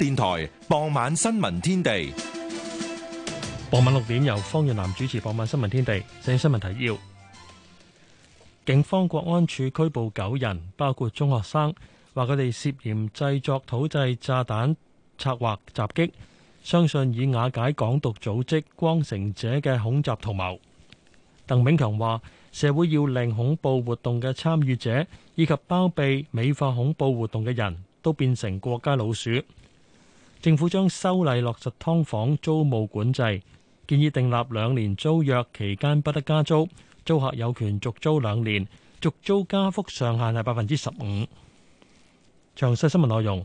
電台傍晚新聞天地，傍晚六點由方若南主持。傍晚新聞天地，先新聞提要：警方國安處拘捕九人，包括中學生，話佢哋涉嫌製作土製炸彈，策劃襲擊，相信以瓦解港獨組織光城者嘅恐襲圖謀。鄧炳強話：社會要令恐怖活動嘅參與者以及包庇美化恐怖活動嘅人都變成國家老鼠。政府將修例落實劏房租務管制，建議訂立兩年租約期間不得加租，租客有權續租兩年，續租加幅上限係百分之十五。詳細新聞內容，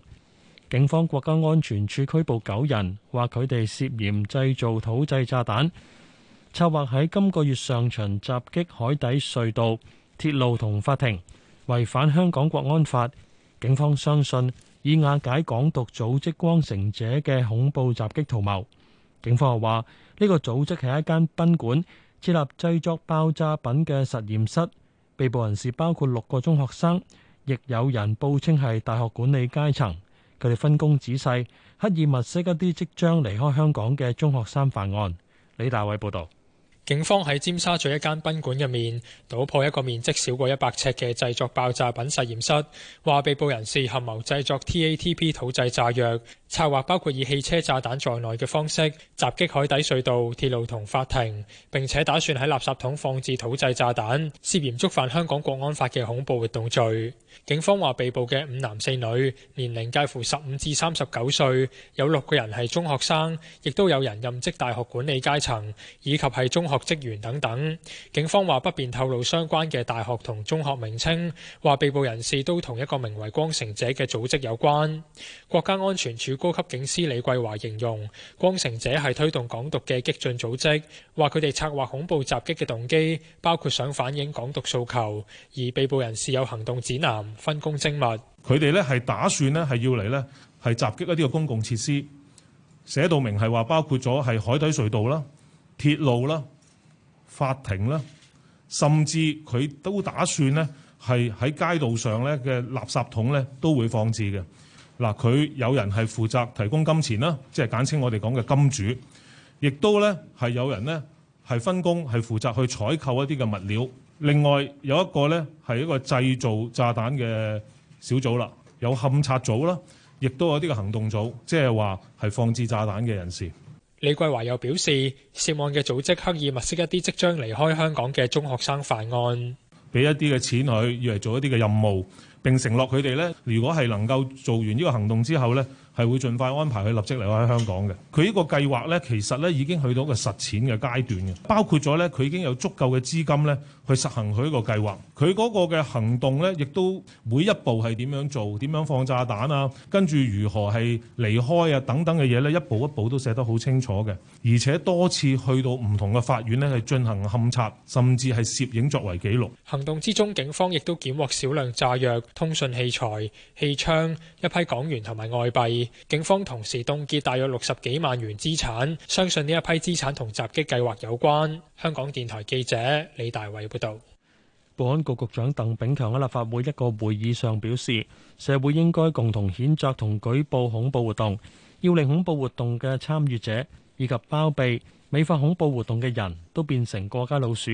警方國家安全處拘捕九人，話佢哋涉嫌製造土製炸彈，策劃喺今個月上旬襲擊海底隧道、鐵路同法庭，違反香港國安法。警方相信以瓦解港獨組織光城者嘅恐怖襲擊圖謀，警方又話呢個組織喺一間賓館設立製作爆炸品嘅實驗室，被捕人士包括六個中學生，亦有人報稱係大學管理階層，佢哋分工仔細，刻意物色一啲即將離開香港嘅中學生犯案。李大偉報道。警方喺尖沙咀一間賓館入面，搗破一個面積少過一百尺嘅製作爆炸品實驗室，話被捕人士合謀製作 TATP 土製炸藥。策劃包括以汽車炸彈在內嘅方式襲擊海底隧道、鐵路同法庭，並且打算喺垃圾桶放置土製炸彈，涉嫌觸犯香港國安法嘅恐怖活動罪。警方話被捕嘅五男四女，年齡介乎十五至三十九歲，有六個人係中學生，亦都有人任職大學管理階層以及係中學職員等等。警方話不便透露相關嘅大學同中學名稱，話被捕人士都同一個名為光城者嘅組織有關。國家安全處。高級警司李桂華形容光城者係推動港獨嘅激進組織，話佢哋策劃恐怖襲擊嘅動機包括想反映港獨訴求，而被捕人士有行動指南，分工精密。佢哋呢係打算呢係要嚟呢係襲擊一啲嘅公共設施，寫到明係話包括咗係海底隧道啦、鐵路啦、法庭啦，甚至佢都打算呢係喺街道上呢嘅垃圾桶呢都會放置嘅。嗱，佢有人係負責提供金錢啦，即係簡稱我哋講嘅金主，亦都呢，係有人呢，係分工係負責去採購一啲嘅物料。另外有一個呢，係一個製造炸彈嘅小組啦，有勘測組啦，亦都有一啲嘅行動組，即係話係放置炸彈嘅人士。李桂華又表示，涉案嘅組織刻意物色一啲即將離開香港嘅中學生犯案，俾一啲嘅錢佢，要嚟做一啲嘅任務。並承諾佢哋咧，如果係能夠做完呢個行動之後咧，係會盡快安排佢立即離開香港嘅。佢呢個計劃呢，其實呢已經去到一個實踐嘅階段嘅，包括咗呢佢已經有足夠嘅資金呢去實行佢呢個計劃。佢嗰個嘅行動呢，亦都每一步係點樣做、點樣放炸彈啊，跟住如何係離開啊等等嘅嘢呢，一步一步都寫得好清楚嘅。而且多次去到唔同嘅法院呢，係進行勘查，甚至係攝影作為記錄。行動之中，警方亦都檢獲少量炸藥、通訊器材、氣槍、一批港元同埋外幣。警方同時凍結大約六十幾萬元資產，相信呢一批資產同襲擊計劃有關。香港電台記者李大偉報道。保安局局長鄧炳強喺立法會一個會議上表示，社會應該共同譴責同舉報恐怖活動，要令恐怖活動嘅參與者以及包庇美化恐怖活動嘅人都變成過街老鼠。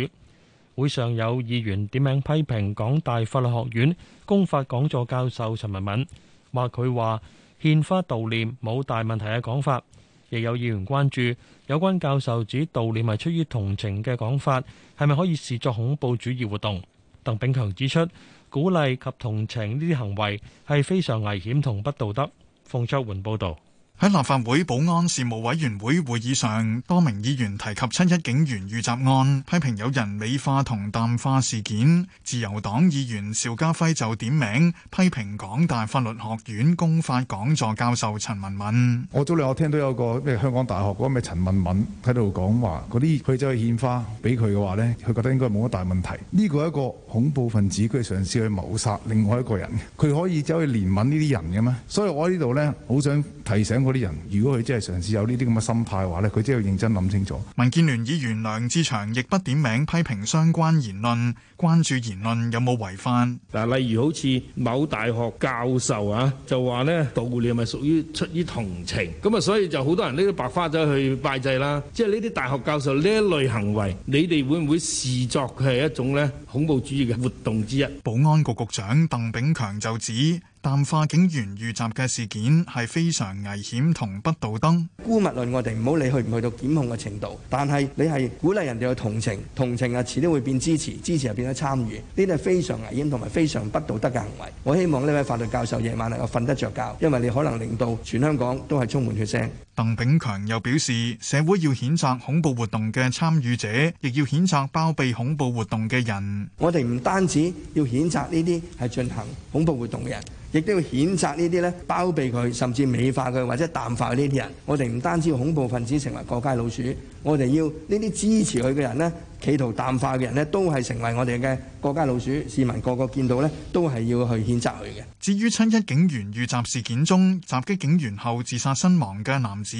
會上有議員點名批評港大法律學院公法講座教授陳文敏，話佢話。獻花悼念冇大問題嘅講法，亦有議員關注有關教授指悼念係出於同情嘅講法，係咪可以視作恐怖主義活動？鄧炳強指出，鼓勵及同情呢啲行為係非常危險同不道德。馮卓桓報導。喺立法會保安事務委員會會議上，多名議員提及七一警員遇襲案，批評有人美化同淡化事件。自由黨議員邵家輝就點名批評港大法律學院公法講座教授陳文敏。我早兩日聽到有個咩香港大學嗰個咩陳文敏喺度講話，嗰啲佢走去獻花俾佢嘅話咧，佢覺得應該冇乜大問題。呢個係一個恐怖分子，佢嘗試去謀殺另外一個人，佢可以走去憐憫呢啲人嘅咩？所以我喺呢度咧好想提醒啲人如果佢真係嘗試有呢啲咁嘅心態嘅話咧，佢真係要認真諗清楚。民建聯議員梁志祥亦不點名批評相關言論，關注言論有冇違反嗱，例如好似某大學教授啊，就話咧悼念係咪屬於出於同情，咁啊，所以就好多人拎啲白花咗去拜祭啦。即係呢啲大學教授呢一類行為，你哋會唔會視作佢係一種咧恐怖主義嘅活動之一？保安局局長鄧炳強就指。淡化警員遇襲嘅事件係非常危險同不道德。姑勿論我哋唔好理去唔去到檢控嘅程度，但係你係鼓勵人哋去同情，同情啊，遲啲會變支持，支持又變咗參與，呢啲係非常危險同埋非常不道德嘅行為。我希望呢位法律教授夜晚能夠瞓得着覺，因為你可能令到全香港都係充滿血腥。鄧炳強又表示，社會要譴責恐怖活動嘅參與者，亦要譴責包庇恐怖活動嘅人。我哋唔單止要譴責呢啲係進行恐怖活動嘅人。亦都要譴責呢啲咧，包庇佢，甚至美化佢或者淡化佢呢啲人。我哋唔單止要恐怖分子成為過街老鼠。我哋要呢啲支持佢嘅人咧，企圖淡化嘅人咧，都係成為我哋嘅國家老鼠，市民個個見到咧，都係要去譴責佢嘅。至於七一警員遇襲事件中，襲擊警員後自殺身亡嘅男子，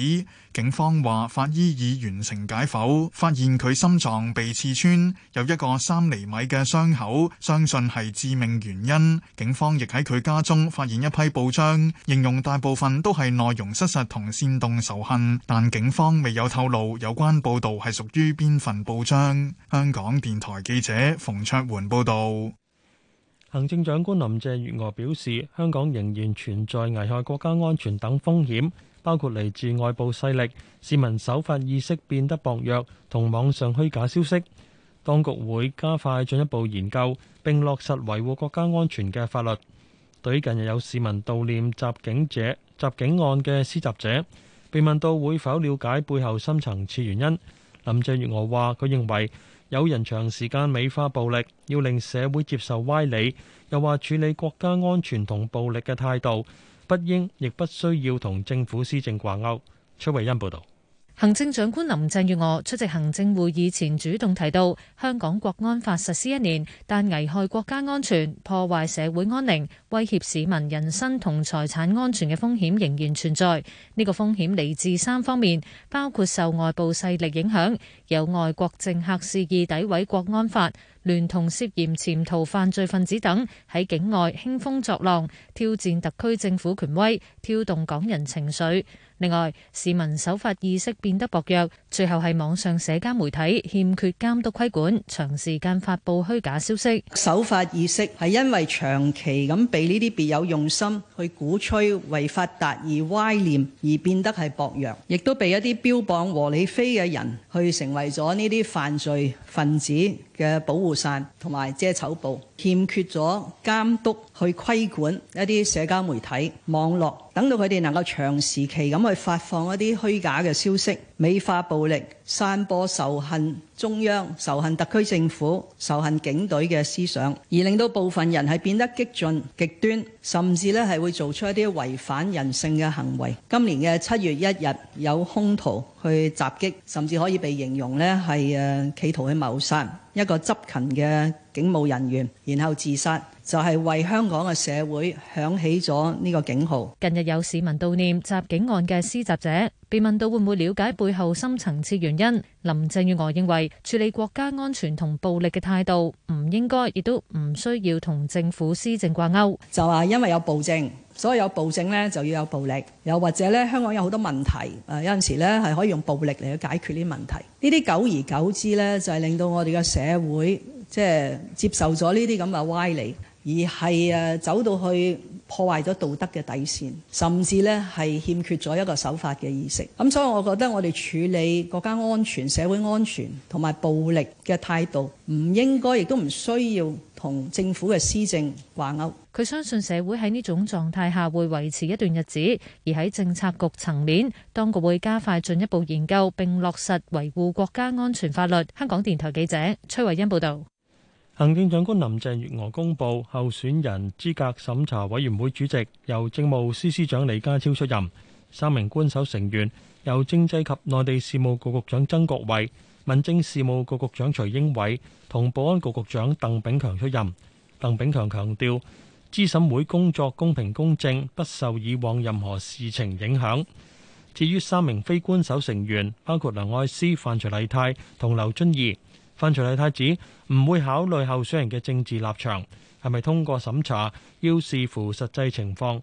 警方話法醫已完成解剖，發現佢心臟被刺穿，有一個三釐米嘅傷口，相信係致命原因。警方亦喺佢家中發現一批報章，形容大部分都係內容失實同煽動仇恨，但警方未有透露有關。報道係屬於邊份報章？香港電台記者馮卓媛報道。行政長官林鄭月娥表示，香港仍然存在危害國家安全等風險，包括嚟自外部勢力、市民守法意識變得薄弱同網上虛假消息。當局會加快進一步研究，並落實維護國家安全嘅法律。對於近日有市民悼念襲警者、襲警案嘅施襲者。被問到會否了解背後深層次原因，林鄭月娥話：佢認為有人長時間美化暴力，要令社會接受歪理，又話處理國家安全同暴力嘅態度，不應亦不需要同政府施政掛鈎。崔慧欣報導。行政長官林鄭月娥出席行政會議前主動提到，香港國安法實施一年，但危害國家安全、破壞社會安寧、威脅市民人身同財產安全嘅風險仍然存在。呢個風險嚟自三方面，包括受外部勢力影響，有外國政客肆意詆毀國安法，聯同涉嫌潛逃犯罪分子等喺境外興風作浪，挑戰特區政府權威，挑動港人情緒。另外，市民守法意識變得薄弱，最後係網上社交媒體欠缺監督規管，長時間發布虛假消息。守法意識係因為長期咁被呢啲別有用心去鼓吹違法達而歪念，而變得係薄弱，亦都被一啲標榜和理非嘅人去成為咗呢啲犯罪分子嘅保護傘同埋遮醜布，欠缺咗監督去規管一啲社交媒體、網絡，等到佢哋能夠長時期咁去發放一啲虛假嘅消息，美化暴力。散播仇恨中央、仇恨特區政府、仇恨警隊嘅思想，而令到部分人係變得激進極端，甚至咧係會做出一啲違反人性嘅行為。今年嘅七月一日，有兇徒去襲擊，甚至可以被形容咧係企圖去謀殺一個執勤嘅警務人員，然後自殺。就係為香港嘅社會響起咗呢個警號。近日有市民悼念襲警案嘅施襲者，被問到會唔會了解背後深層次原因。林鄭月娥認為，處理國家安全同暴力嘅態度唔應該，亦都唔需要同政府施政掛鈎。就話因為有暴政，所以有暴政呢就要有暴力，又或者呢，香港有好多問題，誒有陣時呢係可以用暴力嚟去解決呢啲問題。呢啲久而久之呢，就係令到我哋嘅社會即係、就是、接受咗呢啲咁嘅歪理。而係誒走到去破壞咗道德嘅底線，甚至咧係欠缺咗一個守法嘅意識。咁所以我覺得我哋處理國家安全、社會安全同埋暴力嘅態度，唔應該亦都唔需要同政府嘅施政掛鈎。佢相信社會喺呢種狀態下會維持一段日子，而喺政策局層面，當局會加快進一步研究並落實維護國家安全法律。香港電台記者崔慧欣報道。行政長官林鄭月娥公布候選人資格審查委員會主席由政務司司長李家超出任，三名官守成員由政制及內地事務局局長曾國衞、民政事務局局長徐英偉同保安局局長鄧炳強出任。鄧炳強強調，資審會工作公平公正，不受以往任何事情影響。至於三名非官守成員，包括梁愛詩、范徐麗泰同劉遵義。范徐麗泰指唔會考慮候選人嘅政治立場，係咪通過審查要視乎實際情況。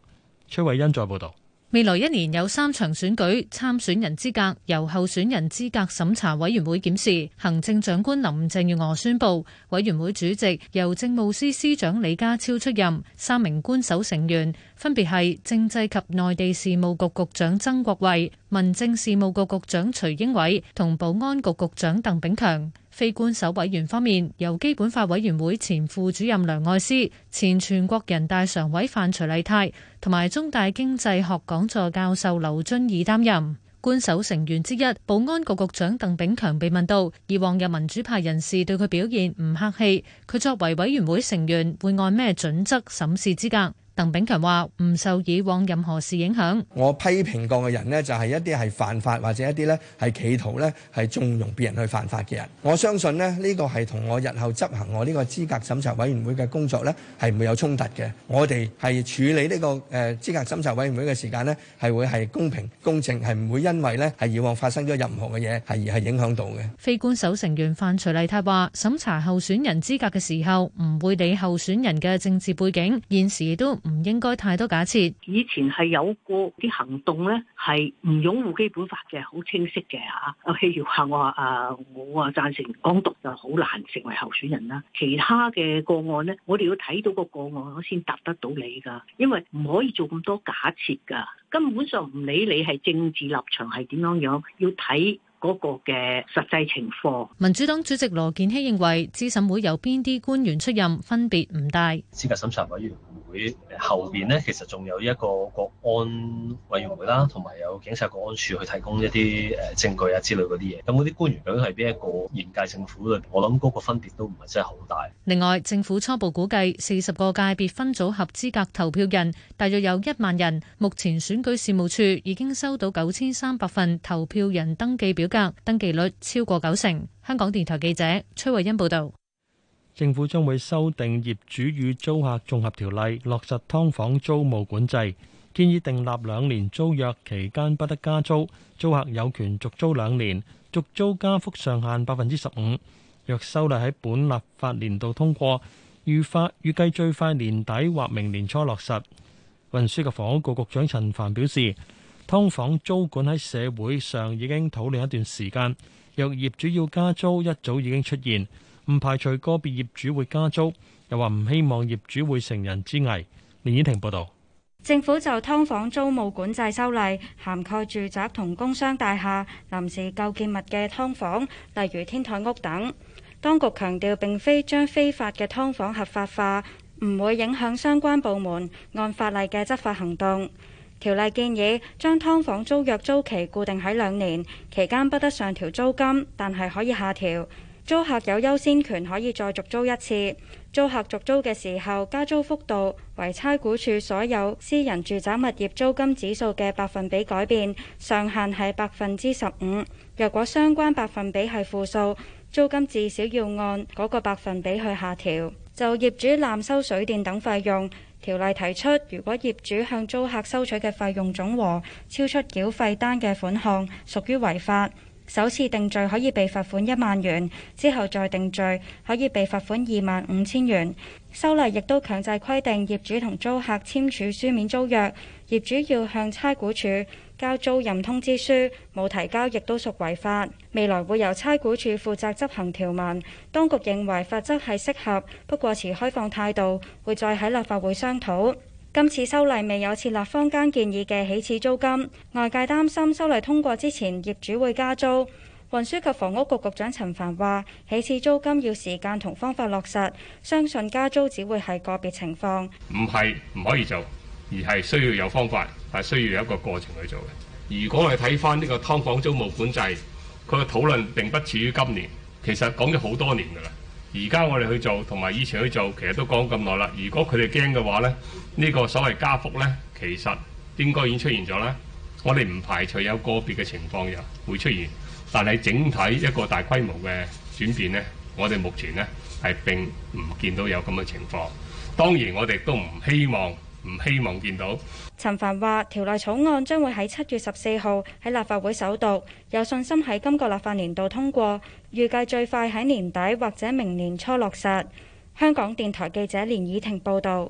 崔慧欣在報道，未來一年有三場選舉，參選人資格由候選人資格審查委員會檢視。行政長官林鄭月娥宣布，委員會主席由政務司司長李家超出任，三名官守成員分別係政制及內地事務局局，局長曾國衛、民政事務局局長徐英偉同保安局局長鄧炳，炳強。非官守委員方面，由基本法委員會前副主任梁愛詩、前全國人大常委范徐麗泰同埋中大經濟學講座教授劉遵義擔任。官守成員之一，保安局局長鄧炳強被問到，以往有民主派人士對佢表現唔客氣，佢作為委員會成員會按咩準則審視資格？鄧炳強話：唔受以往任何事影響。我批評過嘅人呢，就係一啲係犯法或者一啲呢係企圖呢係縱容別人去犯法嘅人。我相信呢，呢個係同我日後執行我呢個資格審查委員會嘅工作呢，係唔會有衝突嘅。我哋係處理呢個誒資格審查委員會嘅時間呢，係會係公平公正，係唔會因為呢係以往發生咗任何嘅嘢係而係影響到嘅。非官守成員范徐麗泰話：審查候選人資格嘅時候唔會理候選人嘅政治背景，現時亦都。唔應該太多假設。以前係有過啲行動咧，係唔擁護基本法嘅，好清晰嘅吓。譬如話我話啊，我啊贊成港獨就好難成為候選人啦。其他嘅個案咧，我哋要睇到個個案我先答得到你噶，因為唔可以做咁多假設噶。根本上唔理你係政治立場係點樣樣，要睇嗰個嘅實際情況。民主黨主席羅健熙認為，資審會有邊啲官員出任，分別唔大資格審查委員。會後邊呢，其實仲有一個國安委員會啦，同埋有警察國安處去提供一啲誒證據啊之類嗰啲嘢。咁嗰啲官員究竟係邊一個現屆政府嚟，我諗嗰個分別都唔係真係好大。另外，政府初步估計，四十個界別分組合資格投票人大約有一萬人。目前選舉事務處已經收到九千三百份投票人登記表格，登記率超過九成。香港電台記者崔慧欣報道。政府將會修訂業主與租客綜合條例，落實劏房租務管制，建議訂立兩年租約期間不得加租，租客有權續租兩年，續租加幅上限百分之十五。若修例喺本立法年度通過，預法預計最快年底或明年初落實。運輸及房屋局局長陳帆表示，劏房租管喺社會上已經討論一段時間，若業主要加租，一早已經出現。唔排除個別業主會加租，又話唔希望業主會成人之危。連綺婷報道，政府就劏房租務管制修例涵蓋住宅同工商大廈、臨時構建物嘅劏房，例如天台屋等。當局強調並非將非法嘅劏房合法化，唔會影響相關部門按法例嘅執法行動。條例建議將劏房租約租期固定喺兩年，期間不得上調租金，但係可以下調。租客有優先權可以再續租一次。租客續租嘅時候，加租幅度為差估署所有私人住宅物業租金指數嘅百分比改變，上限係百分之十五。若果相關百分比係負數，租金至少要按嗰個百分比去下調。就業主濫收水電等費用，條例提出，如果業主向租客收取嘅費用總和超出繳費單嘅款項，屬於違法。首次定罪可以被罰款一萬元，之後再定罪可以被罰款二萬五千元。修例亦都強制規定業主同租客簽署書面租約，業主要向差估署交租賃通知書，冇提交亦都屬違法。未來會由差估署負責執行條文。當局認為法則係適合，不過持開放態度，會再喺立法會商討。今次修例未有設立坊間建議嘅起始租金，外界擔心修例通過之前業主會加租。運輸及房屋局局長陳帆話：起始租金要時間同方法落實，相信加租只會係個別情況。唔係唔可以做，而係需要有方法，係需要有一個過程去做嘅。如果我哋睇翻呢個劏房租務管制，佢嘅討論並不止於今年，其實講咗好多年㗎啦。而家我哋去做同埋以，以前去做，其實都講咁耐啦。如果佢哋驚嘅話呢。呢個所謂加幅呢，其實應該已經出現咗啦。我哋唔排除有個別嘅情況又會出現，但係整體一個大規模嘅轉變呢，我哋目前呢係並唔見到有咁嘅情況。當然，我哋都唔希望唔希望見到。陳帆話：條例草案將會喺七月十四號喺立法會首讀，有信心喺今個立法年度通過，預計最快喺年底或者明年初落實。香港電台記者連以婷報導。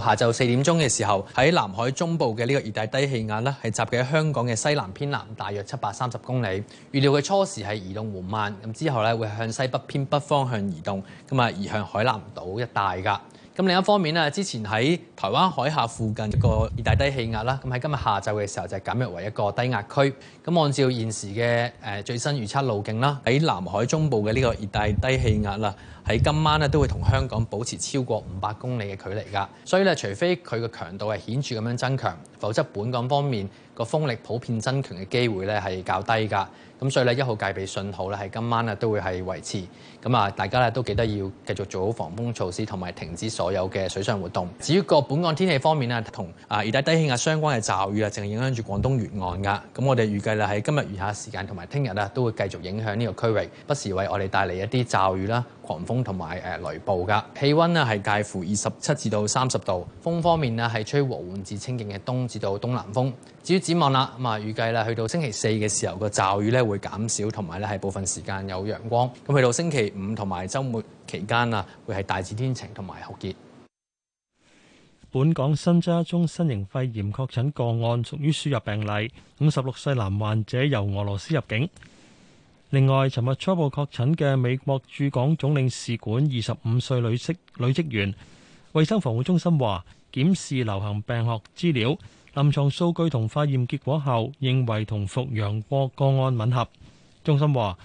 下晝四點鐘嘅時候，喺南海中部嘅呢個熱帶低氣壓呢係集結喺香港嘅西南偏南，大約七百三十公里。預料嘅初時係移動緩慢，咁之後咧會向西北偏北方向移動，咁啊移向海南島一帶噶。咁另一方面咧，之前喺台灣海峽附近個熱帶低氣壓啦，咁喺今日下晝嘅時候就減弱為一個低壓區。咁按照現時嘅誒最新預測路徑啦，喺南海中部嘅呢個熱帶低氣壓啦，喺今晚咧都會同香港保持超過五百公里嘅距離㗎。所以咧，除非佢嘅強度係顯著咁樣增強，否則本港方面個風力普遍增強嘅機會咧係較低㗎。咁所以咧，一號戒備信號咧喺今晚啊都會係維持。咁啊，大家咧都記得要繼續做好防風措施，同埋停止所有嘅水上活動。至於個本港天氣方面咧，同啊熱帶低氣壓相關嘅驟雨啊，淨係影響住廣東沿岸噶。咁我哋預計咧喺今日餘下時間同埋聽日啊，都會繼續影響呢個區域，不時為我哋帶嚟一啲驟雨啦、狂風同埋誒雷暴噶。氣温咧係介乎二十七至到三十度。風方面咧係吹和緩至清勁嘅東至到東南風。至於展望啦，咁啊預計咧去到星期四嘅時候，個驟雨咧會減少，同埋咧係部分時間有陽光。咁去到星期。五同埋週末期間啊，會係大致天晴同埋酷熱。本港新增一宗新型肺炎確診個案，屬於輸入病例，五十六歲男患者由俄羅斯入境。另外，尋日初步確診嘅美國駐港總領事館二十五歲女職女職員，衛生防護中心話，檢視流行病學資料、臨牀數據同化驗結果後，認為同復陽過個案吻合。中心話。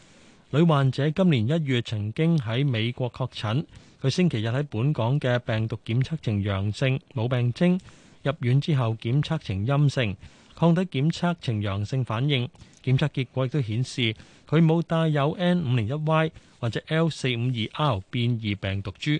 女患者今年一月曾經喺美國確診，佢星期日喺本港嘅病毒檢測呈陽性，冇病徵。入院之後檢測呈陰性，抗體檢測呈陽性反應，檢測結果亦都顯示，佢冇帶有 N 五零一 Y 或者 L 四五二 R 變異病毒株。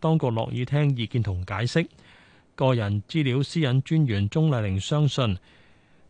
當局樂意聽意見同解釋，個人資料私隱專員鍾麗玲相信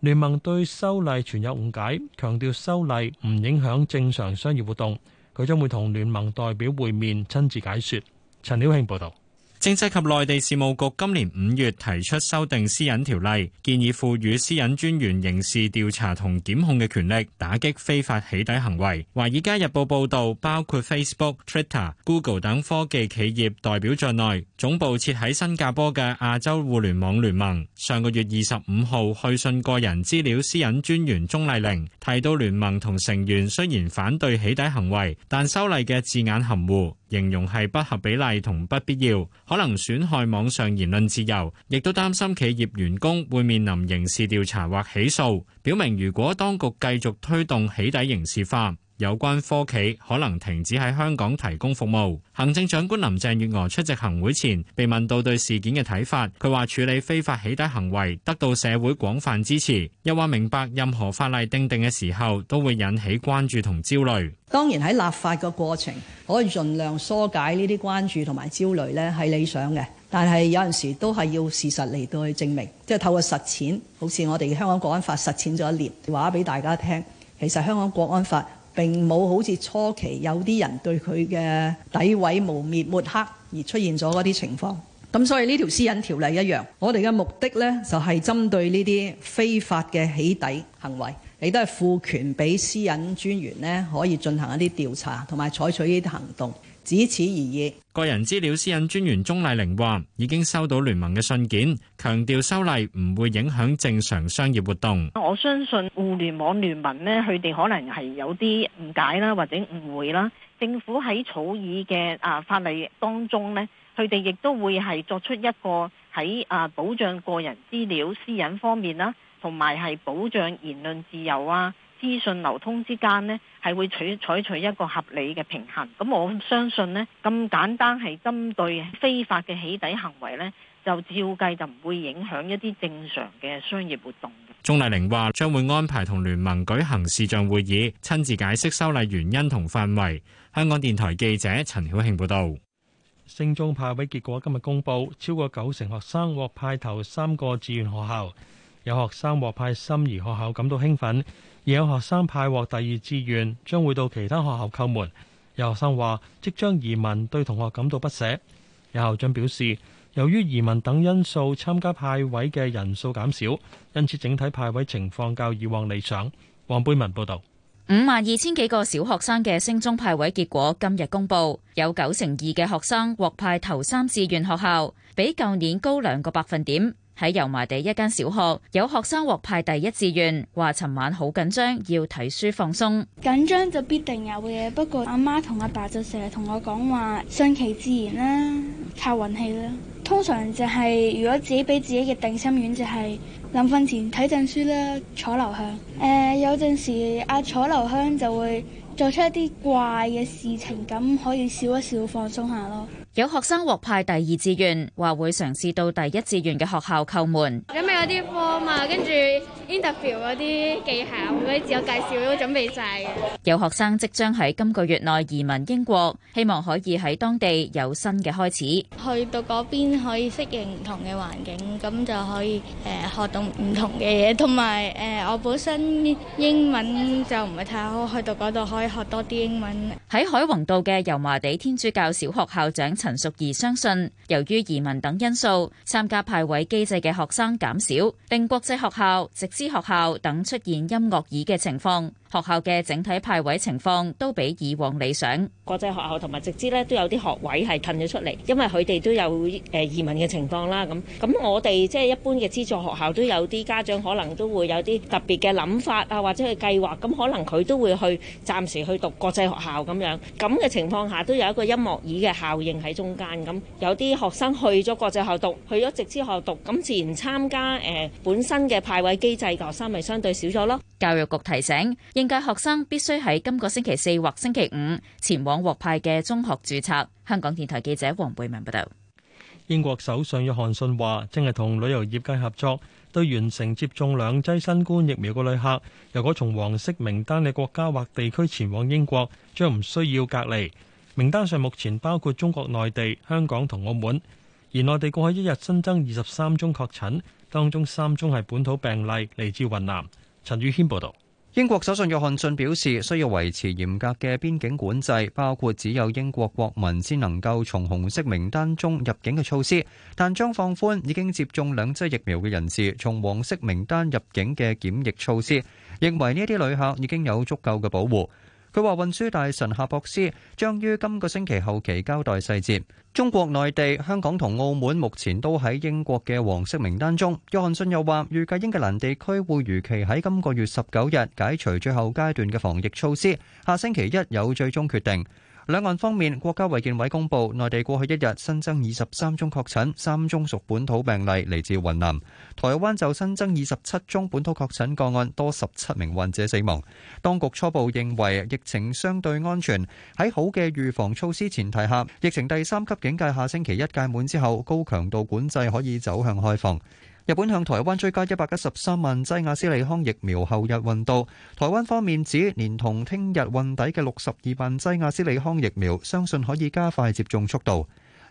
聯盟對修例存有誤解，強調修例唔影響正常商業活動。佢將會同聯盟代表會面，親自解説。陳曉慶報道。政制及內地事務局今年五月提出修訂私隱條例，建議賦予私隱專員刑事調查同檢控嘅權力，打擊非法起底行為。《華爾街日報》報導，包括 Facebook、Twitter、Google 等科技企業代表在內，總部設喺新加坡嘅亞洲互聯網聯盟，上個月二十五號，去信個人資料私隱專員鍾麗玲，提到聯盟同成員雖然反對起底行為，但修例嘅字眼含糊。形容係不合比例同不必要，可能損害網上言論自由，亦都擔心企業員工會面臨刑事調查或起訴，表明如果當局繼續推動起底刑事化，有關科企可能停止喺香港提供服務。行政長官林鄭月娥出席行會前被問到對事件嘅睇法，佢話處理非法起底行為得到社會廣泛支持，又話明白任何法例訂定嘅時候都會引起關注同焦慮。當然喺立法嘅過程可以盡量疏解呢啲關注同埋焦慮咧，係理想嘅。但係有陣時都係要事實嚟到去證明，即係透過實踐，好似我哋香港國安法實踐咗一年，話俾大家聽，其實香港國安法。並冇好似初期有啲人對佢嘅詆毀、污蔑、抹黑而出現咗嗰啲情況。咁所以呢條私隱條例一樣，我哋嘅目的呢就係針對呢啲非法嘅起底行為，亦都係賦權俾私隱專員呢可以進行一啲調查同埋採取呢啲行動。只此而已。個人資料私隱專員鍾麗玲話：已經收到聯盟嘅信件，強調修例唔會影響正常商業活動。我相信互聯網聯盟呢，佢哋可能係有啲誤解啦，或者誤會啦。政府喺草擬嘅啊法例當中呢，佢哋亦都會係作出一個喺啊保障個人資料私隱方面啦，同埋係保障言論自由啊。資訊流通之間呢，係會取採取一個合理嘅平衡。咁我相信呢，咁簡單係針對非法嘅起底行為呢，就照計就唔會影響一啲正常嘅商業活動。鍾麗玲話將會安排同聯盟舉行視像會議，親自解釋修例原因同範圍。香港電台記者陳曉慶報導。升中派位結果今日公布，超過九成學生獲派頭三個志願學校，有學生獲派心儀學校，感到興奮。有學生派獲第二志願，將會到其他學校叩門。有學生話，即將移民對同學感到不捨。有校長表示，由於移民等因素，參加派位嘅人數減少，因此整體派位情況較以往理想。黃貝文報導，五萬二千幾個小學生嘅升中派位結果今日公布，有九成二嘅學生獲派頭三志願學校，比舊年高兩個百分點。喺油麻地一間小學，有學生獲派第一志願，話尋晚好緊張，要睇書放鬆。緊張就必定有嘅，不過阿媽同阿爸，爸就成日同我講話，順其自然啦，靠運氣啦。通常就係、是、如果自己俾自己嘅定心丸就係臨瞓前睇陣書啦，楚留香。誒、呃，有陣時阿楚留香就會做出一啲怪嘅事情，咁可以笑一笑放鬆下咯。有學生獲派第二志願，話會嘗試到第一志願嘅學校叩門。咁咪有啲科嘛，跟住，Interview 嗰啲技巧嗰啲自我介紹都準備曬嘅。有學生即將喺今個月內移民英國，希望可以喺當地有新嘅開始。去到嗰邊可以適應唔同嘅環境，咁就可以誒學到唔同嘅嘢，同埋誒我本身英文就唔係太好，去到嗰度可以學多啲英文。喺海泓道嘅油麻地天主教小學校長陳淑儀相信，由於移民等因素，參加派位機制嘅學生減少，令國際學校直。私學校等出現音樂椅嘅情況。學校嘅整體派位情況都比以往理想。國際學校同埋直資咧都有啲學位係褪咗出嚟，因為佢哋都有誒移民嘅情況啦。咁咁我哋即係一般嘅資助學校都有啲家長可能都會有啲特別嘅諗法啊，或者嘅計劃。咁可能佢都會去暫時去讀國際學校咁樣。咁嘅情況下都有一個音樂椅嘅效應喺中間。咁有啲學生去咗國際學校讀，去咗直資學校讀，咁自然參加誒本身嘅派位機制嘅學生咪相對少咗咯。教育局提醒。應屆學生必須喺今個星期四或星期五前往獲派嘅中學註冊。香港電台記者黃貝文報道。英國首相約翰遜話，正係同旅遊業界合作，對完成接種兩劑新冠疫苗嘅旅客，如果從黃色名單嘅國家或地區前往英國，將唔需要隔離。名單上目前包括中國內地、香港同澳門。而內地過去一日新增二十三宗確診，當中三宗係本土病例嚟自雲南。陳宇謙報道。英國首相約翰遜表示，需要維持嚴格嘅邊境管制，包括只有英國國民先能夠從紅色名單中入境嘅措施，但將放寬已經接種兩劑疫苗嘅人士從黃色名單入境嘅檢疫措施，認為呢啲旅客已經有足夠嘅保護。佢話運輸大臣夏博斯將於今個星期後期交代細節。中國內地、香港同澳門目前都喺英國嘅黃色名單中。約翰遜又話預計英格蘭地區會如期喺今個月十九日解除最後階段嘅防疫措施，下星期一有最終決定。兩岸方面，國家衛健委公布，內地過去一日新增二十三宗確診，三宗屬本土病例，嚟自雲南。台灣就新增二十七宗本土確診個案，多十七名患者死亡。當局初步認為疫情相對安全，喺好嘅預防措施前提下，疫情第三級警戒下星期一屆滿之後，高強度管制可以走向開放。日本向台灣追加一百一十三萬劑阿斯利康疫苗，後日運到，台灣方面指連同聽日運抵嘅六十二萬劑阿斯利康疫苗，相信可以加快接種速度。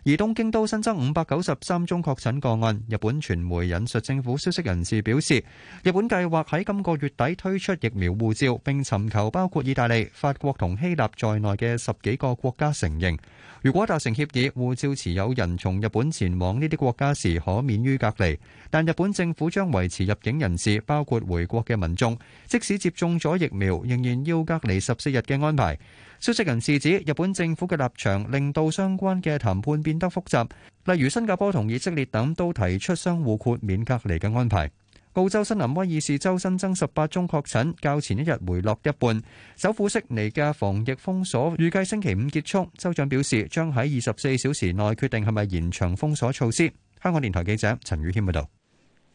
而東京都新增五百九十三宗確診個案。日本傳媒引述政府消息人士表示，日本計劃喺今個月底推出疫苗護照，並尋求包括意大利、法國同希臘在內嘅十幾個國家承認。如果達成協議，護照持有人從日本前往呢啲國家時可免於隔離。但日本政府將維持入境人士，包括回國嘅民眾，即使接種咗疫苗，仍然要隔離十四日嘅安排。消息人士指，日本政府嘅立場令到相關嘅談判變得複雜，例如新加坡同以色列等都提出相互豁免隔離嘅安排。澳洲新南威爾士州新增十八宗確診，較前一日回落一半。首府悉尼嘅防疫封鎖預計星期五結束，州長表示將喺二十四小時內決定係咪延長封鎖措施。香港電台記者陳宇謙報導。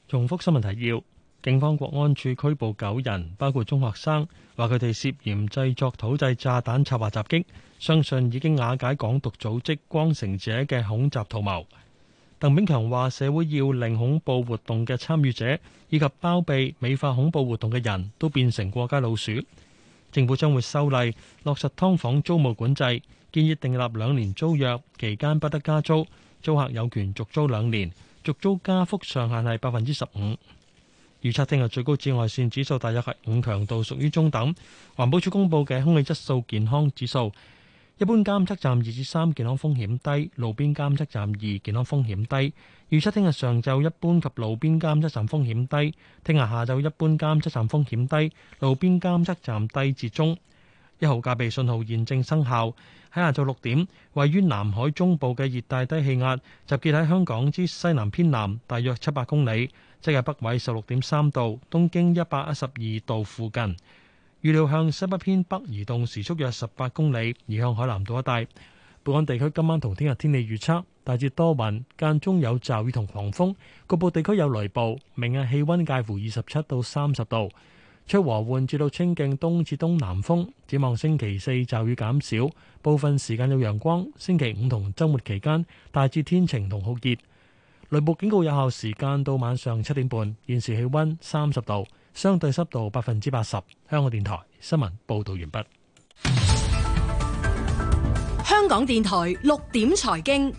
重複新聞提要。警方國安處拘捕九人，包括中學生，話佢哋涉嫌製作土製炸彈策劃襲擊，相信已經瓦解港獨組織光城者嘅恐襲圖謀。鄧炳強話：社會要令恐怖活動嘅參與者以及包庇美化恐怖活動嘅人都變成過街老鼠。政府將會修例落實劏房租務管制，建議訂立兩年租約，期間不得加租，租客有權續租兩年，續租加幅上限係百分之十五。預測聽日最高紫外線指數大約係五強度，屬於中等。環保署公布嘅空氣質素健康指數，一般監測站二至三，健康風險低，路邊監測站二，健康風險低。預測聽日上晝一般及路邊監測站風險低，聽日下晝一般監測站風險低，路邊監測站低至中。一號戒備信號現正生效。喺下晝六點，位於南海中部嘅熱帶低氣壓集結喺香港之西南偏南，大約七百公里，即係北緯十六點三度，東經一百一十二度附近。預料向西北偏北移動，時速約十八公里，移向海南島一帶。本港地區今晚同聽日天氣預測，大致多雲，間中有驟雨同狂風，局部地區有雷暴。明日氣溫介乎二十七到三十度。吹和緩至到清勁，東至東南風。展望星期四驟雨減少，部分時間有陽光。星期五同周末期間大致天晴同酷熱。雷暴警告有效時間到晚上七點半。現時氣溫三十度，相對濕度百分之八十。香港電台新聞報道完畢。香港電台六點財經。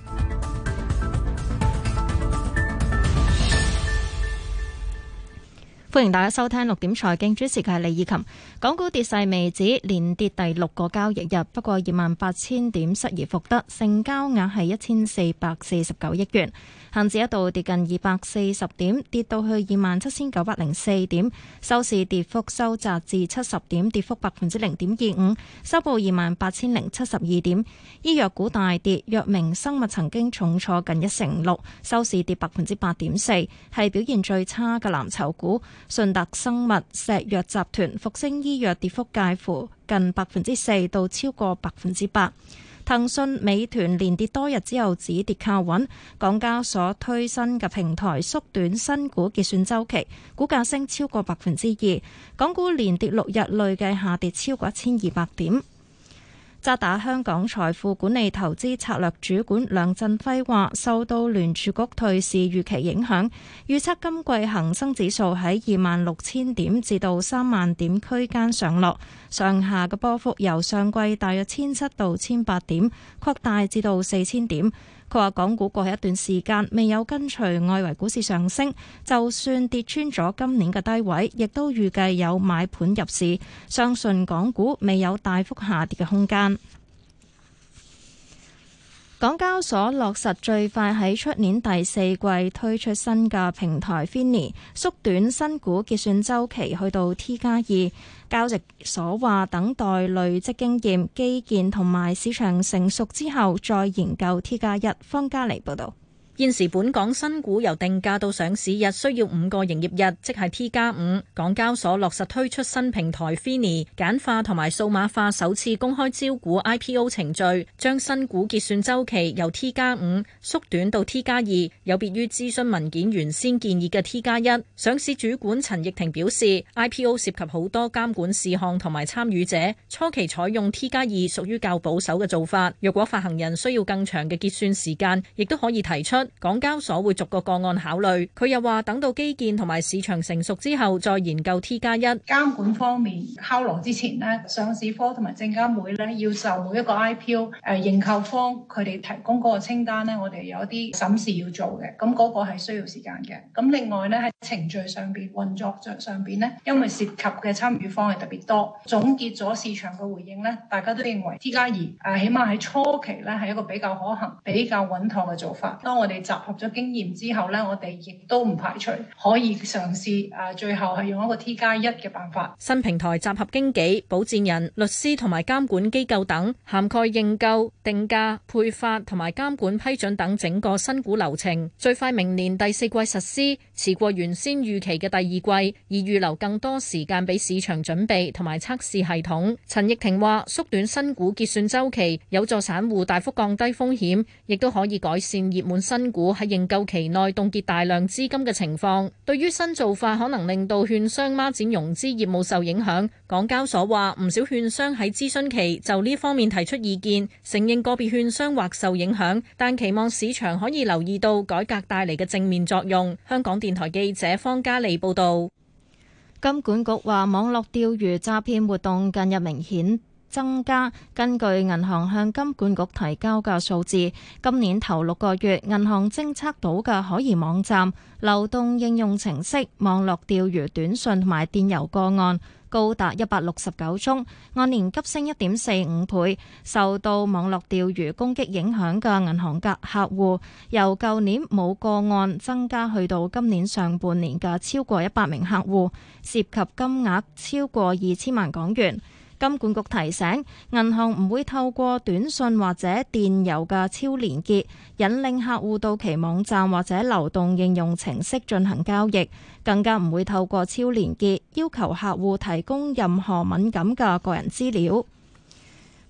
歡迎大家收聽六點財經，主持嘅係李以琴。港股跌勢未止，連跌第六個交易日，不過二萬八千點失而復得，成交額係一千四百四十九億元。恒指一度跌近二百四十點，跌到去二萬七千九百零四點，收市跌幅收窄至七十點，跌幅百分之零點二五，收報二萬八千零七十二點。醫藥股大跌，藥明生物曾經重挫近一成六，收市跌百分之八點四，係表現最差嘅藍籌股。信達生物、石藥集團、復星醫藥跌幅介乎近百分之四到超過百分之八。騰訊、美團連跌多日之後止跌靠穩，港交所推新嘅平台縮短新股結算周期，股價升超過百分之二，港股連跌六日，累計下跌超過一千二百點。渣打香港財富管理投資策略主管梁振輝話：受到聯儲局退市預期影響，預測今季恒生指數喺二萬六千點至到三萬點區間上落，上下嘅波幅由上季大約千七到千八點擴大至到四千點。佢話：港股過去一段時間未有跟隨外圍股市上升，就算跌穿咗今年嘅低位，亦都預計有買盤入市，相信港股未有大幅下跌嘅空間。港交所落實最快喺出年第四季推出新嘅平台 Finny，縮短新股結算周期去到 T 加二。交易所話等待累積經驗、基建同埋市場成熟之後，再研究 T 加一。方嘉妮報道。現時本港新股由定價到上市日需要五個營業日，即係 T 加五。港交所落實推出新平台 Fini，簡化同埋數碼化首次公開招股 IPO 程序，將新股結算周期由 T 加五縮短到 T 加二，有別於諮詢文件原先建議嘅 T 加一。上市主管陳翊庭表示，IPO 涉及好多監管事項同埋參與者，初期採用 T 加二屬於較保守嘅做法。若果發行人需要更長嘅結算時間，亦都可以提出。港交所會逐個個案考慮，佢又話等到基建同埋市場成熟之後再研究 T 加一。監管方面，敲鑼之前呢，上市科同埋證監會咧要就每一個 IPO 誒認購方佢哋提供嗰個清單咧，我哋有一啲審視要做嘅，咁、那、嗰個係需要時間嘅。咁另外咧喺程序上邊運作上上邊咧，因為涉及嘅參與方係特別多，總結咗市場嘅回應咧，大家都認為 T 加二誒起碼喺初期咧係一個比較可行、比較穩妥嘅做法。當我哋。集合咗經驗之後呢，我哋亦都唔排除可以嘗試誒，最後係用一個 T 加一嘅辦法。新平台集合經紀、保薦人、律師同埋監管機構等，涵蓋認購、定價、配發同埋監管批准等整個新股流程，最快明年第四季實施，遲過原先預期嘅第二季，以預留更多時間俾市場準備同埋測試系統。陳翊庭話：縮短新股結算週期，有助散戶大幅降低風險，亦都可以改善熱門新股喺認購期內凍結大量資金嘅情況，對於新做法可能令到券商孖展融資業務受影響。港交所話唔少券商喺諮詢期就呢方面提出意見，承認個別券商或受影響，但期望市場可以留意到改革帶嚟嘅正面作用。香港電台記者方嘉莉報導。金管局話，網絡釣魚詐騙活動近日明顯增加，根據銀行向金管局提交嘅數字，今年頭六個月，銀行偵測到嘅可疑網站、流動應用程式、網絡釣魚短信同埋電郵個案高達一百六十九宗，按年急升一點四五倍。受到網絡釣魚攻擊影響嘅銀行嘅客戶，由舊年冇個案增加去到今年上半年嘅超過一百名客戶，涉及金額超過二千萬港元。金管局提醒，銀行唔會透過短信或者電郵嘅超連結，引領客戶到其網站或者流動應用程式進行交易，更加唔會透過超連結要求客戶提供任何敏感嘅個人資料。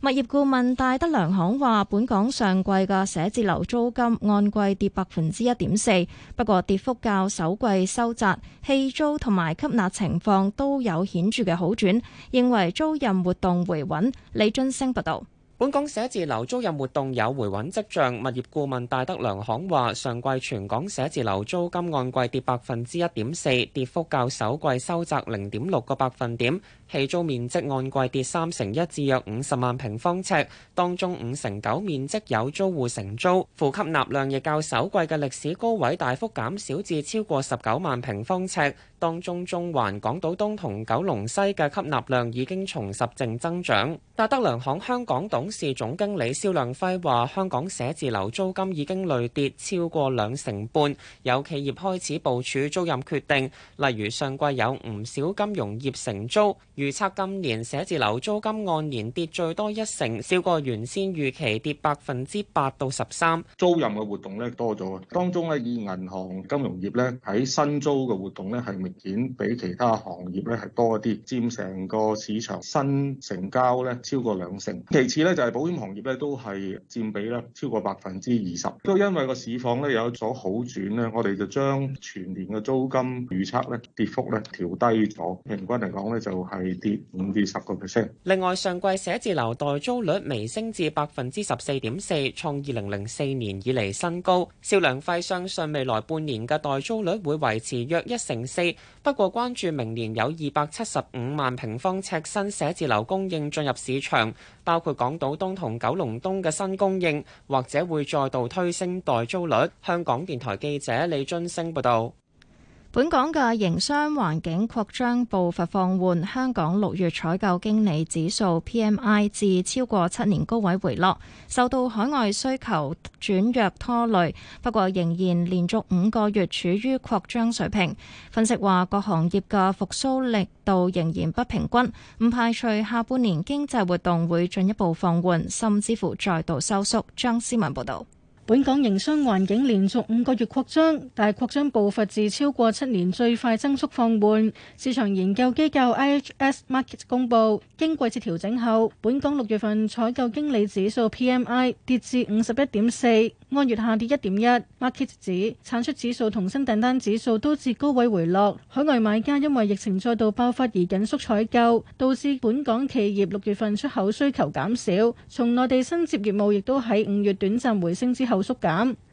物業顧問戴德梁行話，本港上季嘅寫字樓租金按季跌百分之一點四，不過跌幅較首季收窄，棄租同埋吸納情況都有顯著嘅好轉，認為租賃活動回穩。李津升報道，本港寫字樓租賃活動有回穩迹象。物業顧問戴德梁行話，上季全港寫字樓租金按季跌百分之一點四，跌幅較首季收窄零點六個百分點。期租面積按季跌三成一，至約五十萬平方尺，當中五成九面積有租戶承租，負吸納量亦較，較首季嘅歷史高位大幅減少至超過十九萬平方尺，當中中環、港島東同九龍西嘅吸納量已經重拾正增長。戴德梁行香港董事總經理蕭亮輝話，香港寫字樓租金已經累跌超過兩成半，有企業開始部署租賃決定，例如上季有唔少金融業承租。預測今年寫字樓租金按年跌最多一成，超過原先預期跌百分之八到十三。租賃嘅活動咧多咗，當中咧以銀行金融業咧喺新租嘅活動咧係明顯比其他行業咧係多一啲，佔成個市場新成交咧超過兩成。其次咧就係、是、保險行業咧都係佔比咧超過百分之二十。都因為市個市況咧有所好轉咧，我哋就將全年嘅租金預測咧跌幅咧調低咗，平均嚟講咧就係、是。微跌五至十個 percent。另外，上季寫字樓代租率微升至百分之十四點四，創二零零四年以嚟新高。邵良輝相信未來半年嘅代租率會維持約一成四，不過關注明年有二百七十五萬平方尺新寫字樓供應進入市場，包括港島東同九龍東嘅新供應，或者會再度推升代租率。香港電台記者李津升報道。本港嘅營商環境擴張步伐放緩，香港六月採購經理指數 PMI 至超過七年高位回落，受到海外需求轉弱拖累。不過仍然連續五個月處於擴張水平。分析話各行業嘅復甦力度仍然不平均，唔排除下半年經濟活動會進一步放緩，甚至乎再度收縮。張思文報道。本港營商環境連續五個月擴張，但擴張步伐至超過七年最快增速放緩。市場研究機構 IHS m a r k e t 公佈，經季節調整後，本港六月份採購經理指數 PMI 跌至五十一點四，按月下跌一點一。m a r k e t 指產出指數同新訂單指數都至高位回落，海外買家因為疫情再度爆發而緊縮採購，導致本港企業六月份出口需求減少，從內地新接業務亦都喺五月短暫回升之後。度縮減。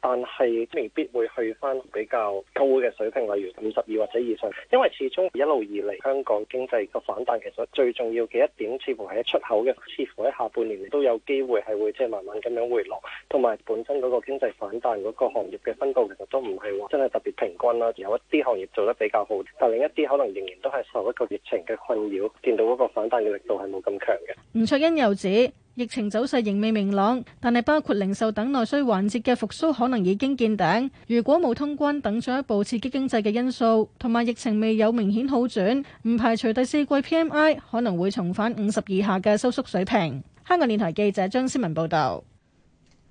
但係未必會去翻比較高嘅水平，例如五十二或者以上，因為始終一路以嚟香港經濟個反彈其實最重要嘅一點似，似乎係一出口嘅，似乎喺下半年都有機會係會即係慢慢咁樣回落，同埋本身嗰個經濟反彈嗰個行業嘅分佈其實都唔係話真係特別平均啦，有一啲行業做得比較好，但另一啲可能仍然都係受一個疫情嘅困擾，見到嗰個反彈嘅力度係冇咁強嘅。吳卓欣又指，疫情走勢仍未明朗，但係包括零售等內需環節嘅復蘇可能已經見頂，如果冇通關等進一步刺激經濟嘅因素，同埋疫情未有明顯好轉，唔排除第四季 PMI 可能會重返五十以下嘅收縮水平。香港電台記者張思文報道。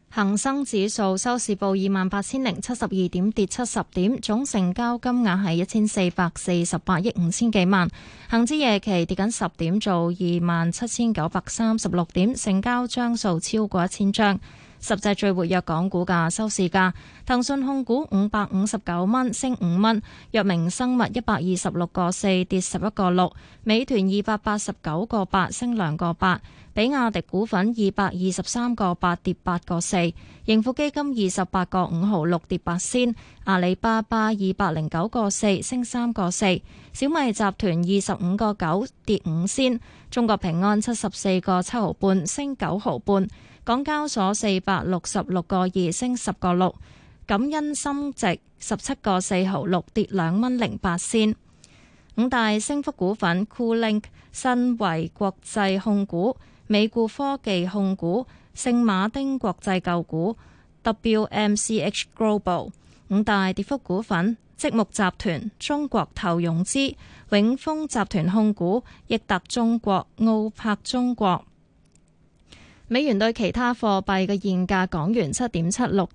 恒生指數收市報二萬八千零七十二點，跌七十點，總成交金額係一千四百四十八億五千幾萬。恒指夜期跌緊十點，做二萬七千九百三十六點，成交張數超過一千張。十隻最活躍港股價收市價：騰訊控股五百五十九蚊升五蚊，藥明生物一百二十六個四跌十一個六，美團二百八十九個八升兩個八，比亞迪股份二百二十三個八跌八個四，盈富基金二十八個五毫六跌八仙，阿里巴巴二百零九個四升三個四，小米集團二十五個九跌五仙，中國平安七十四個七毫半升九毫半。港交所四百六十六個二升十個六，感恩心值十七個四毫六跌兩蚊零八仙。五大升幅股份：Cool Link、新維國際控股、美固科技控股、聖馬丁國際舊股、WMCH Global。五大跌幅股份：積木集團、中國投融資、永豐集團控股、億達中國、奧柏中國。美元兌其他貨幣嘅現價：港元七點七六，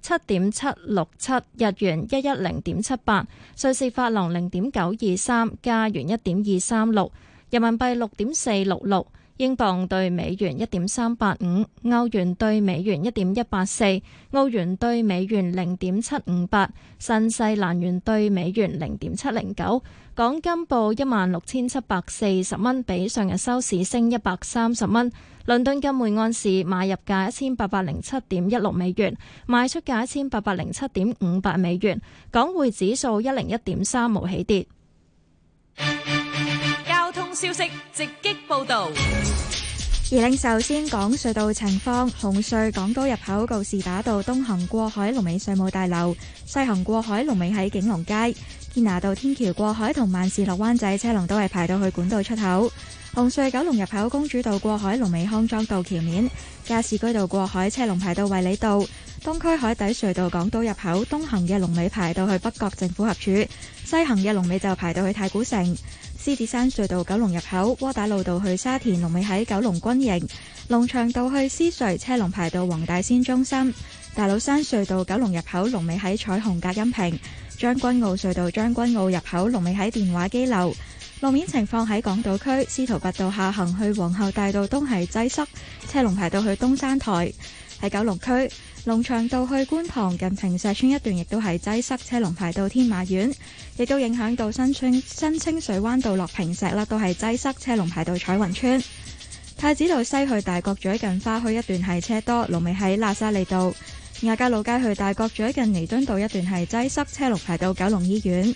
七點七六七日元一一零點七八，瑞士法郎零點九二三，加元一點二三六，人民幣六點四六六，英鎊兌美元一點三八五，歐元兌美元一點一八四，澳元兌美元零點七五八，新西蘭元兌美元零點七零九。港金報一萬六千七百四十蚊，比上日收市升一百三十蚊。倫敦金每安士買入價一千八百零七點一六美元，賣出價一千八百零七點五八美元。港匯指數一零一點三毫無起跌。交通消息直擊報道。而令首先講隧道情況，紅隧港島入口告士打道東行過海龍尾稅務大樓，西行過海龍尾喺景隆街。堅拿道天橋過海同萬仕落灣仔車龍都係排到去管道出口。紅隧九龍入口，公主道過海龍尾康莊道橋面，加士居道過海車龍排到衛理道；東區海底隧道港島入口，東行嘅龍尾排到去北角政府合署，西行嘅龍尾就排到去太古城。獅子山隧道九龍入口，窩打老道去沙田龍尾喺九龍軍營，龍翔道去獅隧車龍排到黃大仙中心。大老山隧道九龍入口龍尾喺彩虹隔音屏，將軍澳隧道將軍澳入口龍尾喺電話機樓。路面情況喺港島區，司徒拔道下行去皇后大道東係擠塞，車龍排到去東山台；喺九龍區，龍翔道去觀塘近平石村一段亦都係擠塞，車龍排到天馬苑，亦都影響到新村新清水灣道落平石啦，都係擠塞，車龍排到彩雲村。太子道西去大角咀近花墟一段係車多，龍尾喺喇沙利道。亞皆老街去大角咀近彌敦道一段係擠塞，車龍排到九龍醫院。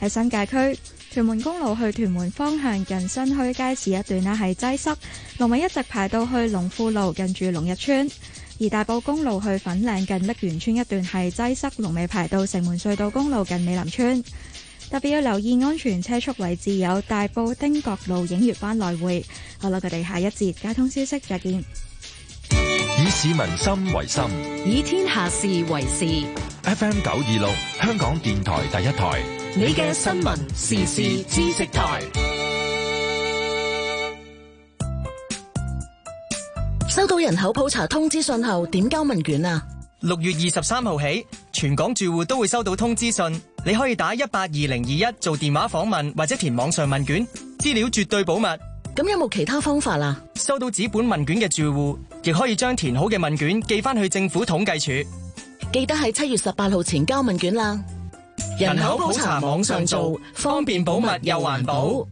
喺新界區。屯門公路去屯門方向，近新墟街市一段啦，係擠塞，龍尾一直排到去龍富路近住龍日村；而大埔公路去粉嶺近瀝源村一段係擠塞，龍尾排到城門隧道公路近美林村。特別要留意安全車速位置有大埔汀角路、影月灣來回。好啦，佢哋下一節交通消息再見。以市民心為心，以天下事為事。FM 九二六，香港電台第一台。你嘅新聞時事知識台，收到人口普查通知信後，點交問卷啊？六月二十三號起，全港住戶都會收到通知信，你可以打一八二零二一做電話訪問，或者填網上問卷，資料絕對保密。咁有冇其他方法啊？收到紙本問卷嘅住戶，亦可以將填好嘅問卷寄翻去政府統計處，記得喺七月十八號前交問卷啦。人口普查網上做，方便保密又環保。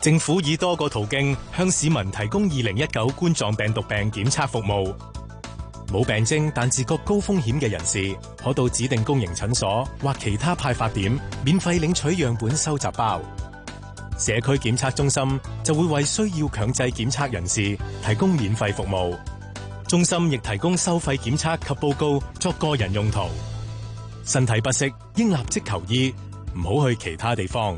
政府以多個途徑向市民提供二零一九冠狀病毒病檢測服務。冇病徵但自覺高風險嘅人士，可到指定公營診所或其他派發點免費領取樣本收集包。社區檢測中心就會為需要強制檢測人士提供免費服務。中心亦提供收費檢測及報告，作個人用途。身體不適，應立即求醫，唔好去其他地方。